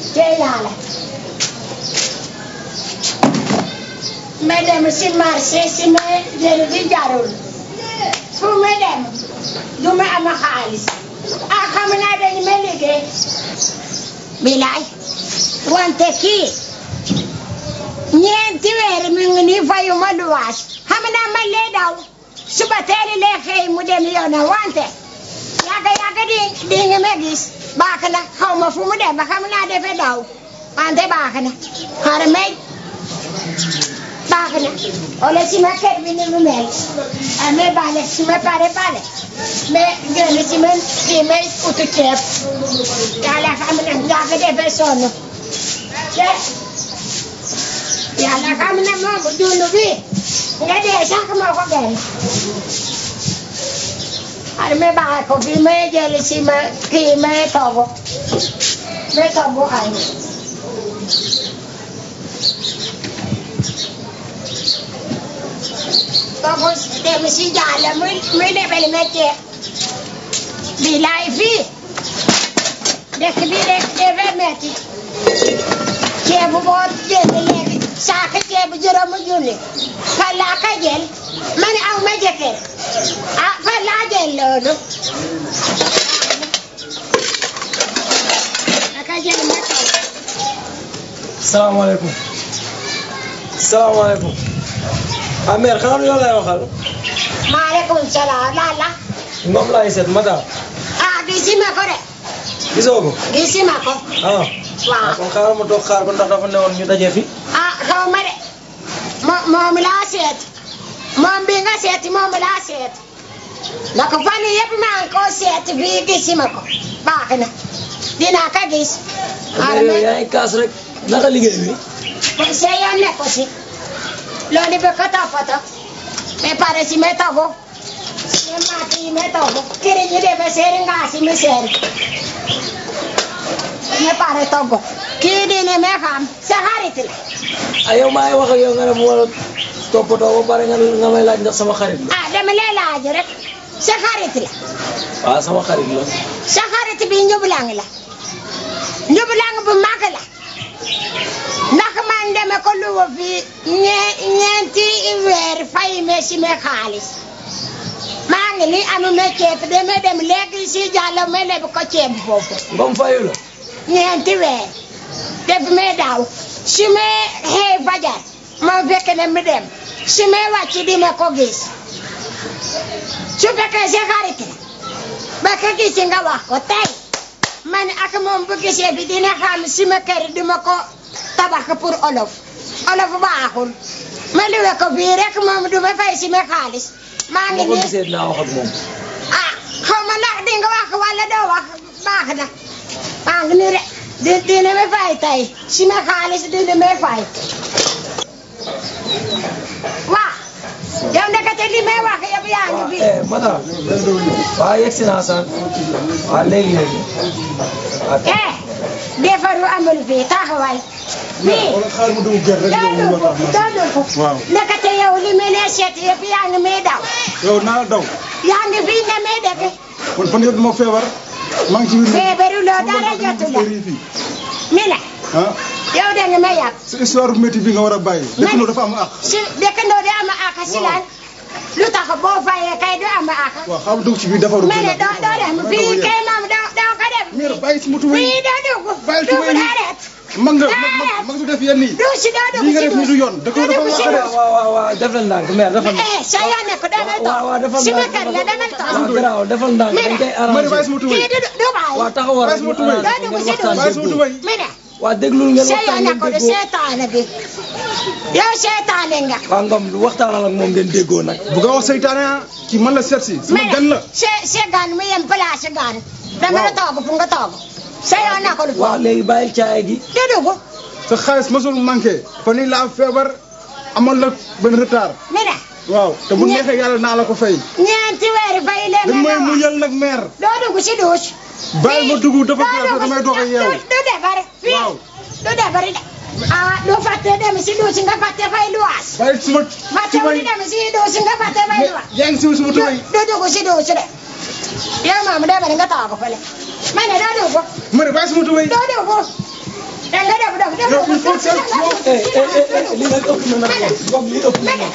Jai Lala. Madam, se marche, se me dervi jarul. Su madam, du ma ama xaalis. ah xam naa dañ ma liggéey. bilaay. wante kii. ñeenti weer mi ngi fayu ma luwaas. xam daw. suba teel lay xëy mu dem yoonam wante. yàgg yàgg di di nga ma bakana xawma fu mu dem ba xam naa defe daw wante baax na xara meñ baax na ole si ma A bi ni mu mel ame bale si ma pare bale me gëna si ma si ma utu ceeb yàlla xam na ngaa de defee já te yàlla xam na moom dund bi nga dee sax moo अरे मैं बाहर को कि मैं जेलसी में कि मैं थोबो मैं थोबो आई तो वो तेमसी जाला मैं मैंने पहले मैं के बिलाई भी देख भी देख के वे मैं थी के वो बहुत jealousy saako ceebu juróomi junni fan laa ko jël ma ne aw ma jëkkër ah fan laa jël loolu. salaamaaleykum salaamaaleykum. ah mère xanaa yow lay waxal. maaleykum salaam lala. moom laay seet madame. ah ko de. gisoo ko. ko. ah. waaw ah, kon xaaral ma toog xaar ko ndax dafa newoon fi. xaw ma de moom laa seeti moom bi nga seeti moom laa seeti na ko fan yëpp maa ngi ko seeti fii gisima ko baax na dinaa ka gis. xaaral ma yaa ngi kaas rek naka liggéey bi. kon see yoon nekk si loolu ba ko toppatoo mais pare si may taw ko si maat yi may taw ko kiri ñu defee seeri ngaa si mi seeri. Ne pare togo kidine me xam saxarit ah, ah, la ayo may wax yow nga bu wala topoto ba pare nga nga may laaj ndax sama xarit ah dama lay laaj rek sa xarit la sama xarit la sa xarit bi njublang la njublang bu mag la ndax man deme ko wo fi ñeenti weer fay me si me xaalis ngi ni anu me ceeb de me dem léegi si jalo me leb ko ceeb bofo ngom fayu la ñeenti def me daw si me he fajar ma fekk ne mi dem si me di me ko gis su be ke je garite ba ka gis nga wa ko tay man ak mom bu gisee bi dina xam si ker di duma ko tabakh pour olof olof baaxul ma liwe ko bi rek mom du ma fay si me khalis maami nii boo gisee dinaa wax ak moom. ah xaw ma ndax di nga wax wala doo wax baax na maa ngi nii de di dina ma fay tey si ma xaalis dina ma fay. waaw yow ndekete li may wax yëpp yaa ngi fi. madame. waaw yegg si naa sax waaw léegi léegi. eh defaru amalu fii taxawaay. fii doo dugg doo dugg. waaw may seet yëpp yaa ngi may daw. yow naa la daw. yaa ne may defi. kon fan yëpp ma feebar. maa ngi ci biir feebaruloo dara jotu la mi ne. ah. yow da nga may yàq. sa histoire bu métti bi nga war a bàyyi. dëkkandoo dafa am am àq si lan. lu tax boo fayee kay du am àq. waaw xam ci biir defaru. ma ne doo doo dem fii kay moom doo doo ko dem. mère bàyyi doo dugg. bàyyi mag nga mag su def yenn yi li nga def ni du yoon da ko eh, eh sa iya, ya nekk da ngay toog waaw dafa si nekkal la da ngay toog graw defal ndànk dañ koy arrangé kii du du baay waaw taxawal baay sama tubay da dugg si dugg baay sama tubay seeyoon naa ko du. waaw léegi bàyyi caay gi. déedéet ko. sa xaalis mosul manqué. fan yii laa feebar amoon la benn retard. mi da. waaw te bu neexee yàlla naa la ko fay. ñeenti weer fay leen. dañ mu yël meer. doo dugg si douche. bàyyi ma dugg dafa gën damay doog a defar de. ah doo fàtte dem si nga fàtte fay luwaas. waaye su ma fàtte wu dem si douche nga fàtte fay luwaas. si suma tubay. du dugg si douche de. yow moom ko fële. ma ne doo diw foofu. ma ne bàyyi sama tubaab yi. doo diw foofu. da nga def dof def. yow il faut que li nga ëpp na nag moom li ëpp na nag.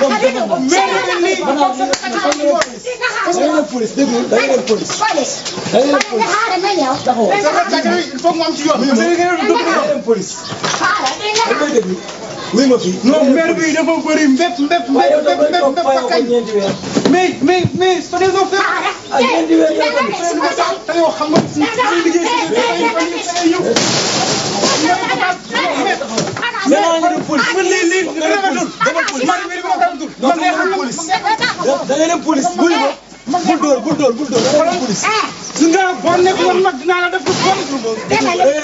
moom dëgg la moom dëgg la moom dëgg police dégg nga da ngeen police. da ngeen police xaaral ma ñëw. taxawoo il faut que mu am ci yoon. parce que da ngeen police. xaaral da ngay déglu. wuy ma fii. non maire bi dafa bëri mbépp mbépp mbépp mbépp mbépp mais mais mais ak yéen di wér yàlla bi. te yow xam nga si li liggéey si yow. yéen a ngi dem police man lii lii rafetul. man mii dafa rafetul. man ngay xam police. da ngay dem police bul ma bul dóor bul dóor bul dóor da ngay dem police. su nga boo nekk man nag dinaa la def ko bon.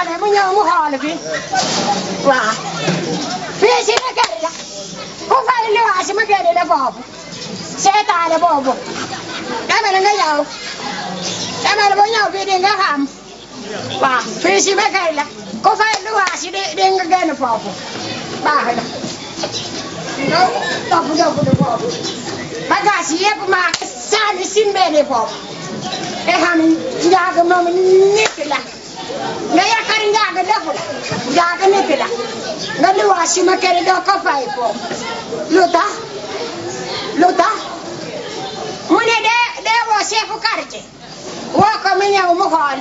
waxtaane mu ñëw mu xool fi waaw fii si na kër la ku fay li waa si ma génne la foofu seetaane boobu demal nga ñëw demal bu ñëw fii di nga xam waaw fii si ma kër la ku fay li waa si di di nga génn foofu baax na nga topp dëgg foofu bagage yëpp maa saani simbee ni foofu te xam njaaga moom nit la não Nani washi makere do kafai ko. Luta. Luta. Mune de de washi fu karje. Wo ko minya mu hol.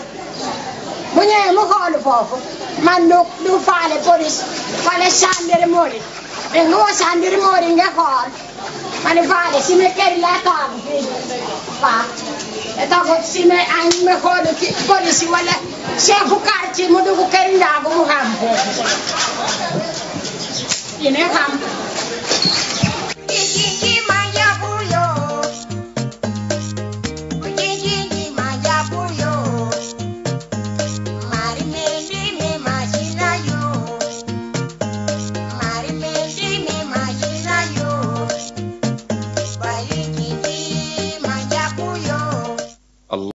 Mune mu hol fofu. Man do do fale polis. Fale sandere mori. Ngo sandere mori nge মানে বাড়ি সিমে কেরিলা কাম Eu tava assim, aí me rodo então, que por isso olha, se é bucar te mudo o que ainda água vou ramo. E nem ramo.